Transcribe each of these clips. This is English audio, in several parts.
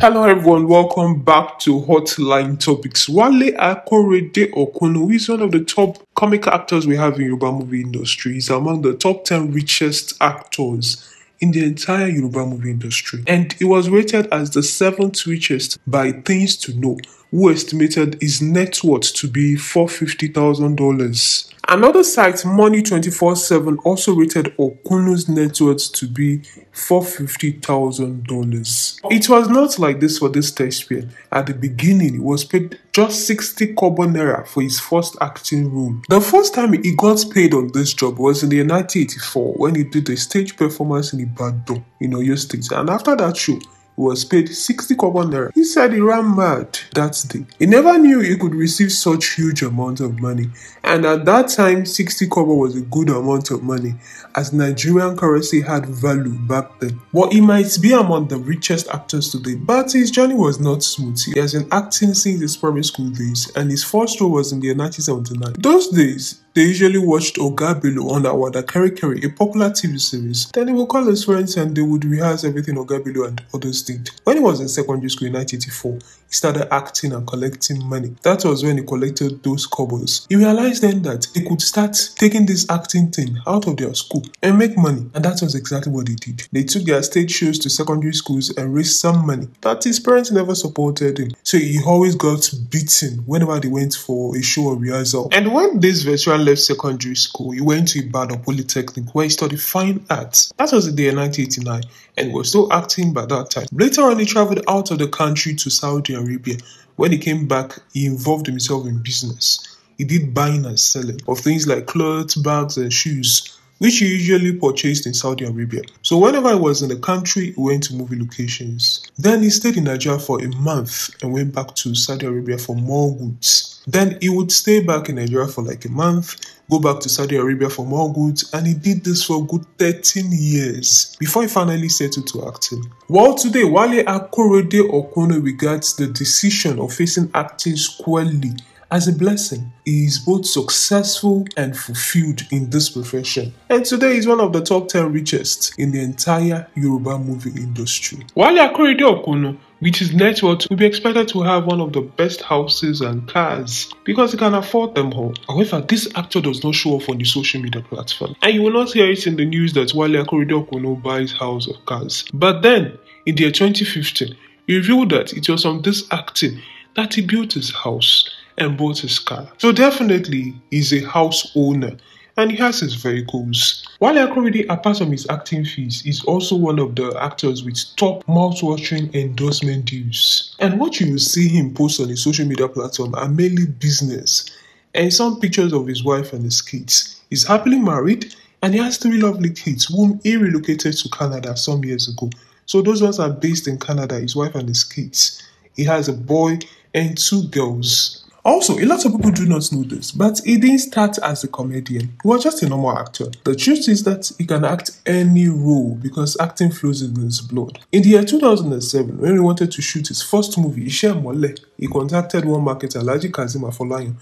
Hello everyone, welcome back to Hotline Topics. Wale Akorede Okuno is one of the top comic actors we have in Yoruba movie industry. He's among the top 10 richest actors in the entire Yoruba movie industry. And he was rated as the seventh richest by Things to Know who estimated his net worth to be $450,000. Another site, Money247, also rated Okunu's net worth to be $450,000. It was not like this for this thespian. At the beginning, he was paid just 60 kobo naira for his first acting role. The first time he got paid on this job was in the year 1984 when he did a stage performance in Ibadan in Oyo State. And after that show, was paid 60 kobo naira. He said he ran mad that day. He never knew he could receive such huge amount of money. And at that time, 60 kobo was a good amount of money as Nigerian currency had value back then. Well, he might be among the richest actors today, but his journey was not smooth. He has been acting since his primary school days and his first role was in the 1979. Those days, they usually watched Ogabilo on Awada Kari Kari, a popular TV series. Then they would call his friends and they would rehearse everything Ogabilo and others did. When he was in secondary school in 1984, he started acting and collecting money. That was when he collected those cobbles. He realized then that he could start taking this acting thing out of their school and make money. And that was exactly what he did. They took their stage shows to secondary schools and raised some money. But his parents never supported him. So he always got beaten whenever they went for a show or rehearsal. And when this veteran left secondary school, he went to Ibadan Polytechnic where he studied fine arts. That was the year 1989 and was still acting by that time. Later on, he traveled out of the country to Saudi Arabia. When he came back, he involved himself in business. He did buying and selling of things like clothes, bags, and shoes, which he usually purchased in Saudi Arabia. So, whenever he was in the country, he went to movie locations. Then he stayed in Nigeria for a month and went back to Saudi Arabia for more goods. Then he would stay back in Nigeria for like a month, go back to Saudi Arabia for more goods, and he did this for a good 13 years before he finally settled to acting. While today, Wale Akorode Okono regards the decision of facing acting squarely as a blessing. He is both successful and fulfilled in this profession. And today is one of the top 10 richest in the entire Yoruba movie industry. Wale Akorode Okono with his net worth, will be expected to have one of the best houses and cars because he can afford them all. However, this actor does not show off on the social media platform, and you will not hear it in the news that Wale Akuridokono buys house of cars. But then, in the year 2015, he revealed that it was from this acting that he built his house and bought his car. So definitely, he's a house owner and he has his vehicles. While already apart from his acting fees, is also one of the actors with top mouth-watering endorsement deals. And what you will see him post on his social media platform are mainly business and some pictures of his wife and his kids. He's happily married and he has three lovely kids whom he relocated to Canada some years ago. So those ones are based in Canada, his wife and his kids. He has a boy and two girls. Also, a lot of people do not know this, but he didn't start as a comedian. He was just a normal actor. The truth is that he can act any role because acting flows in his blood. In the year 2007, when he wanted to shoot his first movie, Ishe Mole, he contacted one marketer, Laji Kazima Afolayan,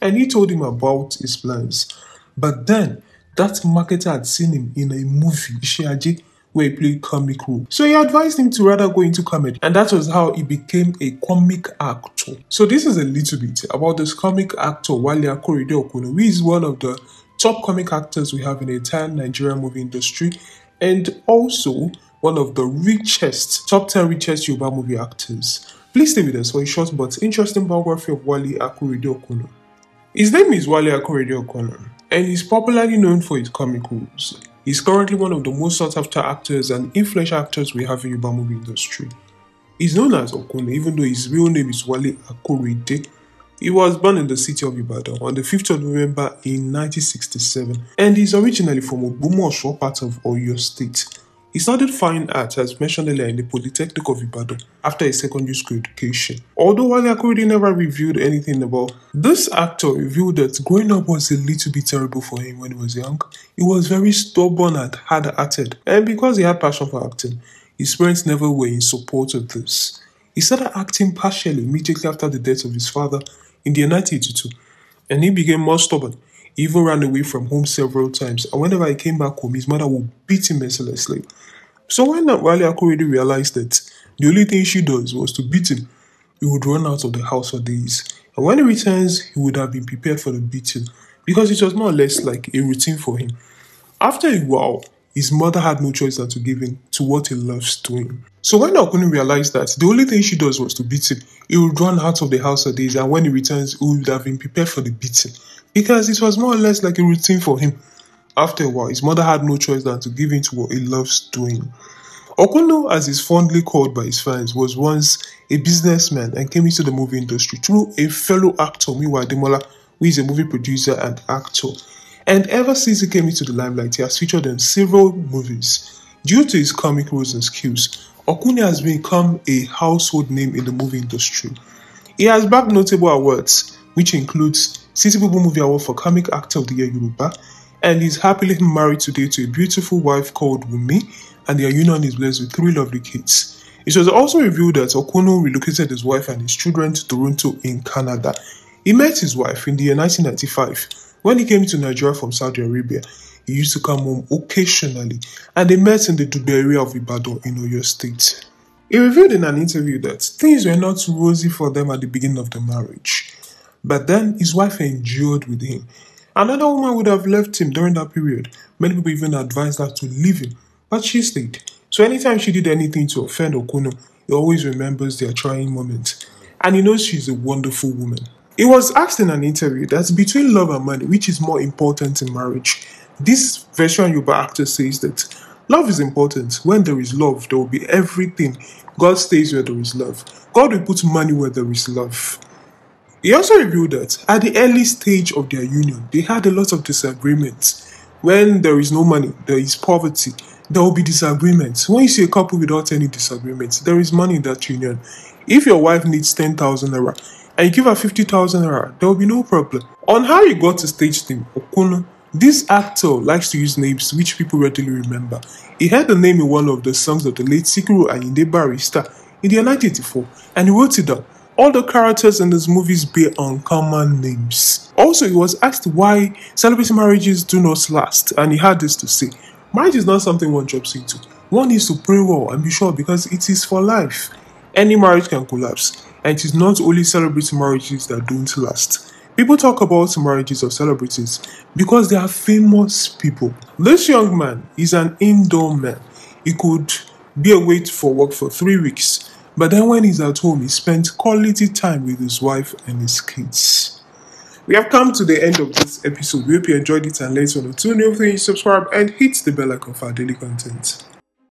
and he told him about his plans. But then, that marketer had seen him in a movie, Ishe Ajay, where he played comic role. So he advised him to rather go into comedy, and that was how he became a comic actor. So this is a little bit about this comic actor Wale Akorede Okono, who is one of the top comic actors we have in the entire Nigerian movie industry, and also one of the richest, top 10 richest Yoruba movie actors. Please stay with us for a short but interesting biography of Wale Akorede Okono. His name is Wale Akorede Okono, and he's popularly known for his comic roles. He's currently one of the most sought after actors and influential actors we have in Yoruba movie industry. He's known as Okone even though his real name is Wale Akorede. He was born in the city of Ibadan on the 5th of November in 1967 and is originally from Ogbomoso part of Oyo State. He studied fine arts, as mentioned earlier, in the Polytechnic of Ibadan after his secondary school education. Although Wale Akorede never revealed anything about this actor, revealed that growing up was a little bit terrible for him when he was young. He was very stubborn and hard-hearted, and because he had passion for acting, his parents never were in support of this. He started acting partially immediately after the death of his father in the year 1982, and he became more stubborn. He even ran away from home several times, and whenever he came back home, his mother would beat him mercilessly. So when Riley Akorede realized that the only thing she does was to beat him, he would run out of the house for days. And when he returns, he would have been prepared for the beating because it was more or less like a routine for him. After a while, his mother had no choice than to give in to what he loves doing. So when Okuno realized that the only thing she does was to beat him, he would run out of the house a days and when he returns, he would have been prepared for the beating because it was more or less like a routine for him. After a while, his mother had no choice than to give in to what he loves doing. Okuno, as is fondly called by his fans, was once a businessman and came into the movie industry through a fellow actor, Miwa Ademola, who is a movie producer and actor. And ever since he came into the limelight, he has featured in several movies. Due to his comic roles and skills, Okuni has become a household name in the movie industry. He has bagged notable awards, which includes City People Movie Award for Comic Actor of the Year Yoruba, and is happily married today to a beautiful wife called Wumi, and their union is blessed with three lovely kids. It was also revealed that Okuno relocated his wife and his children to Toronto in Canada. He met his wife in the year 1995 when he came to Nigeria from Saudi Arabia. He used to come home occasionally, and they met in the Duberia of Ibadan in Oyo State. He revealed in an interview that things were not rosy for them at the beginning of the marriage, but then his wife endured with him. Another woman would have left him during that period. Many people even advised her to leave him, but she stayed. So anytime she did anything to offend Okuno, he always remembers their trying moment. And he knows she's a wonderful woman. He was asked in an interview that between love and money, which is more important in marriage? This version Yuba actor says that love is important. When there is love, there will be everything. God stays where there is love. God will put money where there is love. He also revealed that at the early stage of their union, they had a lot of disagreements. When there is no money, there is poverty. There will be disagreements. When you see a couple without any disagreements, there is money in that union. If your wife needs 10,000 naira, and give her 50,000 naira, there will be no problem. On how he got to stage name, Okuno, this actor likes to use names which people readily remember. He had the name in one of the songs of the late and Ayinde Barista in the year 1984, and he wrote it down. All the characters in his movies bear uncommon names. Also, he was asked why celebrity marriages do not last, and he had this to say Marriage is not something one drops into. One needs to pray well and be sure because it is for life. Any marriage can collapse, and it is not only celebrity marriages that don't last. People talk about marriages of celebrities because they are famous people. This young man is an indoor man. He could be away for work for three weeks, but then when he's at home, he spends quality time with his wife and his kids. We have come to the end of this episode. We hope you enjoyed it and let us know two new things. Subscribe and hit the bell icon for daily content.